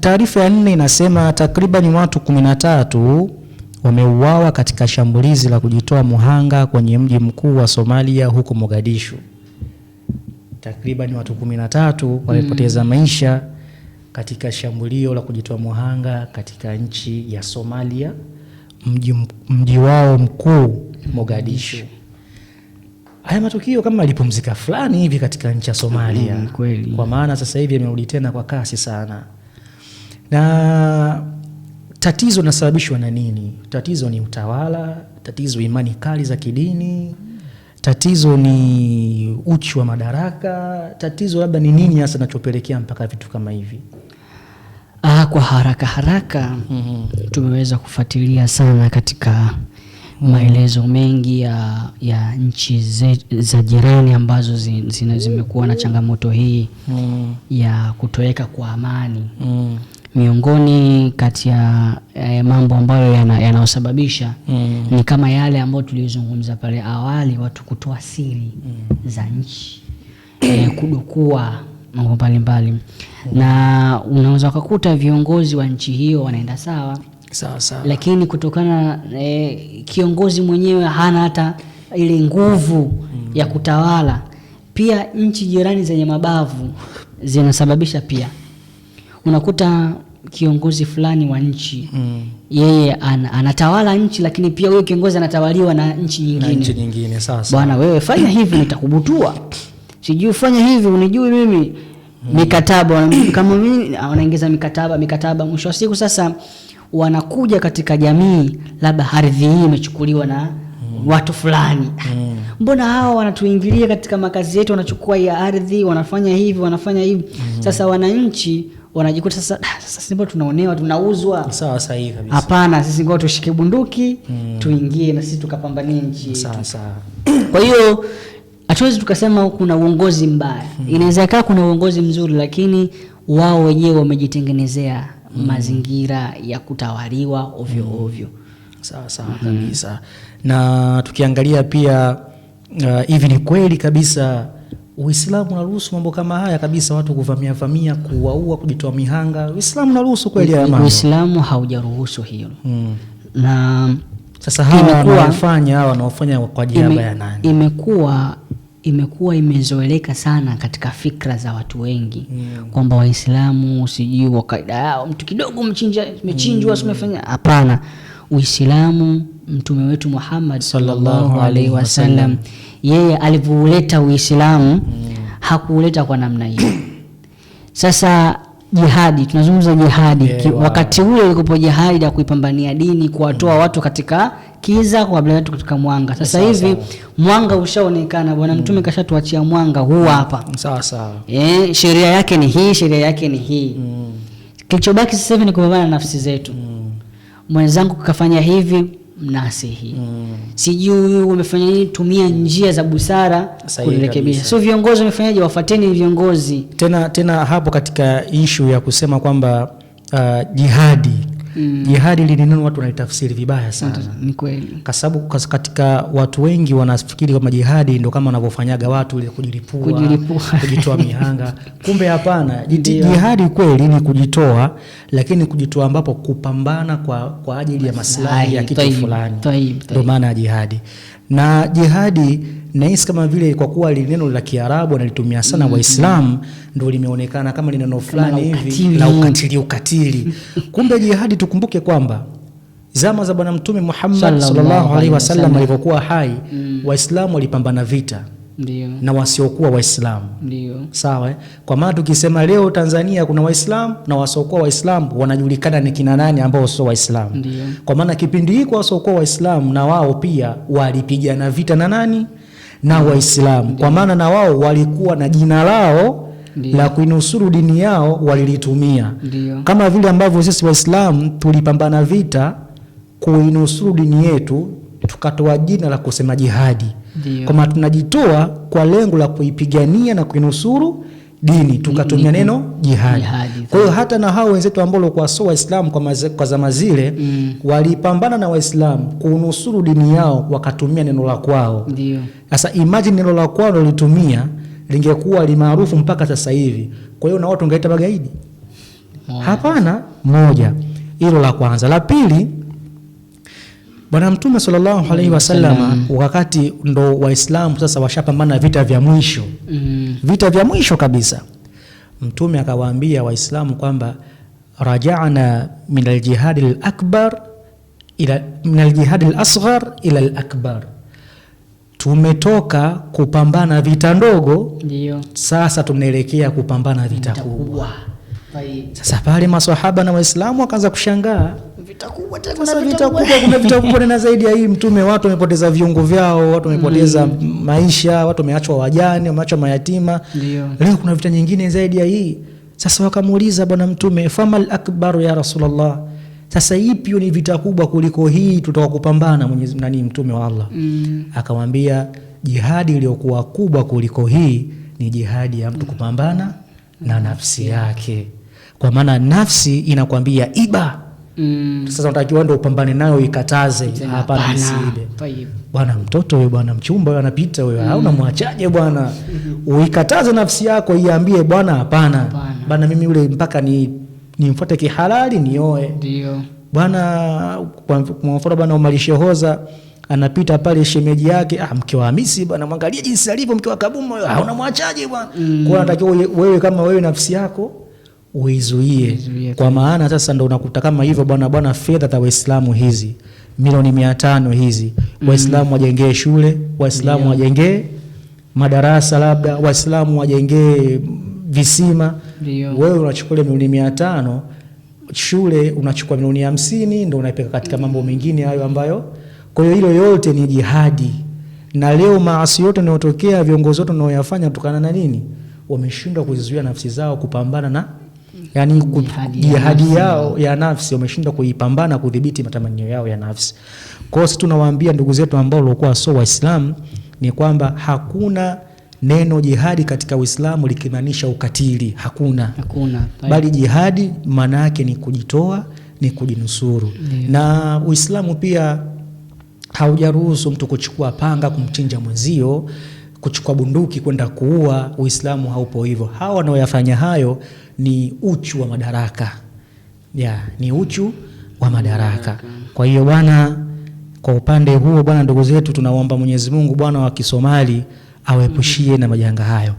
Taarifa ya nne inasema takriban watu 13 wameuawa katika shambulizi la kujitoa muhanga kwenye mji mkuu wa Somalia huko Mogadishu. Takriban watu 13 wamepoteza mm. maisha katika shambulio la kujitoa muhanga katika nchi ya Somalia, mji, mji wao mkuu Mogadishu. Haya matukio kama alipumzika fulani hivi katika nchi ya Somalia mm, kwa maana sasa hivi yamerudi tena kwa kasi sana. Na tatizo linasababishwa na nini? Tatizo ni utawala, tatizo imani kali za kidini, tatizo ni uchu wa madaraka, tatizo labda ni nini hasa nachopelekea mpaka vitu kama hivi? Ah, kwa haraka haraka mm -hmm. Tumeweza kufuatilia sana katika mhm. maelezo mengi ya, ya nchi ze, za jirani ambazo zi, zimekuwa na changamoto hii mm ya kutoweka kwa amani mm miongoni kati ya e, mambo ambayo yanayosababisha yana mm. ni kama yale ambayo tulizungumza pale awali, watu kutoa siri mm. za nchi e, eh, kudukua mambo mbalimbali mm. na unaweza ukakuta viongozi wa nchi hiyo wanaenda sawa sawa sawa, lakini kutokana e, kiongozi mwenyewe hana hata ile nguvu mm. ya kutawala. Pia nchi jirani zenye mabavu zinasababisha pia unakuta kiongozi fulani wa nchi mm. yeye an, anatawala nchi lakini pia huyo kiongozi anatawaliwa na nchi nyingine, nchi nyingine. Sasa bwana, wewe fanya hivi nitakubutua, sijui fanya hivi unijui mimi mm. mikataba kama mimi wanaingiza mikataba mikataba, mwisho wa siku sasa wanakuja katika jamii, labda ardhi hii imechukuliwa na mm. watu fulani mm. mbona hawa wanatuingilia katika makazi yetu, wanachukua ya ardhi, wanafanya hivi wanafanya hivi mm. Sasa wananchi wanajikuta sasa, ah, sasa sisi tunaonewa, tunauzwa. Sawa, sahihi kabisa. Hapana, sisi ngoja tushike bunduki mm. tuingie na sisi tukapambanie nchi. Sawa sawa. Kwa hiyo hatuwezi tukasema kuna uongozi mbaya mm. inaweza ikawa kuna uongozi mzuri, lakini wao wenyewe wamejitengenezea mm. mazingira ya kutawaliwa ovyo mm. ovyo. Sawa sawa mm-hmm. kabisa mm. na tukiangalia pia uh, hivi uh, ni kweli kabisa Uislamu unaruhusu mambo kama haya kabisa, watu kuvamia vamia, kuwaua, kujitoa mihanga. Uislamu unaruhusu kweli haya mambo? Uislamu haujaruhusu hilo Hmm. na sasa hawa wanaofanya hawa wanaofanya kwa niaba ya nani? Imekuwa imekuwa imezoeleka sana katika fikra za watu wengi mm. kwamba Waislamu sijui wa kaida yao mtu kidogo mchinja mechinjwa mm. simefanya. Hapana, Uislamu mtume wetu Muhammad sallallahu alaihi wasallam yeye alivyouleta Uislamu mm. hakuuleta kwa namna hiyo. Sasa jihadi, tunazungumza jihadi yeah, wow. wakati ule ilikopo jihadi ya kuipambania dini, kuwatoa mm. watu katika kiza kuwabla watu katika mwanga. Sasa yes, hivi mwanga ushaonekana, Bwana mm. Mtume kashatuachia mwanga huu mm. hapa sawa sawa. Eh, sheria yake ni hii, sheria yake ni hii mm. Kilichobaki sasa hivi ni kupambana na nafsi zetu mm. Mwenzangu kafanya hivi mnasihi mm. sijui wamefanya nini, tumia njia za busara kurekebisha. so viongozi wamefanyaje? Wafuateni viongozi tena tena hapo katika ishu ya kusema kwamba uh, jihadi mm. Jihadi lile neno watu wanaitafsiri vibaya sana. Ni kweli. Kwa sababu katika watu wengi wanafikiri kwamba jihadi ndio kama wanavyofanyaga watu ile kujilipua, kujilipua, kujitoa mihanga. Kumbe hapana, jihadi kweli ni kujitoa, lakini kujitoa ambapo kupambana kwa, kwa ajili ya maslahi ya kitu fulani. Ndio maana ya jihadi. Na jihadi nahisi kama vile kwa kuwa lile neno la Kiarabu analitumia sana mm -hmm. Waislamu ndo limeonekana kama lina neno fulani hivi la ukatili ukatili. Kumbe jihadi, tukumbuke kwamba zama za Bwana Mtume Muhammad sallallahu alaihi wasallam alipokuwa hai mm. Waislamu walipambana vita Ndiyo. na wasiokuwa Waislamu sawa. Eh? Kwa maana tukisema leo Tanzania kuna Waislamu na wasiokuwa Waislamu wanajulikana ni kina nani ambao sio Waislamu, kwa maana kipindi hiko wasiokuwa Waislamu na wao pia walipigana vita na nani na mm. Waislamu, kwa maana na wao walikuwa na jina lao Ndiyo. la kuinusuru dini yao walilitumia Ndiyo. kama vile ambavyo sisi Waislamu tulipambana vita kuinusuru dini yetu tukatoa jina la kusema jihadi, maana tunajitoa kwa lengo la kuipigania na kuinusuru dini, tukatumia neno jihadi. Kwa hiyo hata na hao wenzetu ambao walikuwa sio Waislamu kwa, kwa zama zile mm. walipambana na Waislamu kunusuru dini yao, wakatumia neno la kwao. Sasa imagine neno la kwao walitumia lingekuwa limaarufu mpaka sasa hivi. Kwa hiyo na watu ungeita magaidi? Hapana. Moja, hilo la kwanza. La pili, Bwana Mtume sallallahu alaihi wasallam mm. wakati ndo Waislamu sasa washapambana vita vya mwisho mm. vita vya mwisho kabisa, Mtume akawaambia Waislamu kwamba rajana min aljihadi lakbar ila min aljihadi lasghar ila lakbar tumetoka kupambana vita ndogo Ndiyo. Sasa tunaelekea kupambana vita kubwa. Sasa pale maswahaba na Waislamu wakaanza kushangaa vita kubwa tena sasa vita kubwa, kuna vita kubwa tena zaidi ya hii mtume. Watu wamepoteza viungo vyao, watu wamepoteza mm. maisha, watu wameachwa wajane, wameachwa mayatima. Leo kuna vita nyingine zaidi ya hii. Sasa wakamuuliza bwana mtume, famal akbaru ya Rasulullah sasa ipi ni vita kubwa kuliko hii tutaka kupambana? Mwenyezi nani mtume wa Allah mm. akamwambia jihadi iliyokuwa kubwa kuliko hii ni jihadi ya mtu kupambana mm. na nafsi yake, kwa maana nafsi inakwambia iba Mm. Sasa unatakiwa ndio upambane nayo ikataze, hapana msibe. Bwana mtoto wewe, bwana mchumba wewe, anapita wewe, mm. unamwachaje bwana? Mm-hmm. Uikataze nafsi yako iambie, bwana hapana bwana, mimi yule mpaka ni nimfuate kihalali nioe. Ndio. Bwana kwa mfano bwana Omar Shehoza anapita pale shemeji yake, ah, mke wa Hamisi bwana, mwangalie jinsi alivyo mke wa Kabumo, ah, unamwachaje bwana? Mm. Kwa anataka wewe kama wewe nafsi yako uizuie, kwa maana sasa ndo unakuta kama hivyo bwana bwana, fedha za Waislamu hizi milioni mia tano hizi mm. Waislamu wajengee shule, Waislamu wajengee madarasa, labda Waislamu wajengee visima ndio. Wewe ile milioni mia tano shule unachukua milioni hamsini ndio unaipeka katika mambo mengine hayo ambayo. Kwa hiyo hilo yote ni jihadi, na leo maasi yote yanayotokea, viongozi wote wanaoyafanya kutokana na nini? Wameshindwa kuzizuia nafsi zao kupambana na yani jihadi yao ya nafsi, wameshindwa kuipambana, kudhibiti matamanio yao ya nafsi. Kwa hiyo sisi tunawaambia ndugu zetu ambao walikuwa sio Waislamu ni kwamba hakuna neno jihadi katika Uislamu likimaanisha ukatili hakuna, hakuna bali jihadi maana yake ni kujitoa, ni kujinusuru yeah. Na Uislamu pia haujaruhusu mtu kuchukua panga kumchinja mwenzio, kuchukua bunduki kwenda kuua. Uislamu haupo hivyo. Hawa wanaoyafanya hayo ni uchu wa madaraka yeah, ni uchu wa madaraka. Kwa hiyo bwana, kwa upande huo bwana, ndugu zetu tunaomba Mwenyezi Mungu bwana wa Kisomali awepushie na majanga hayo.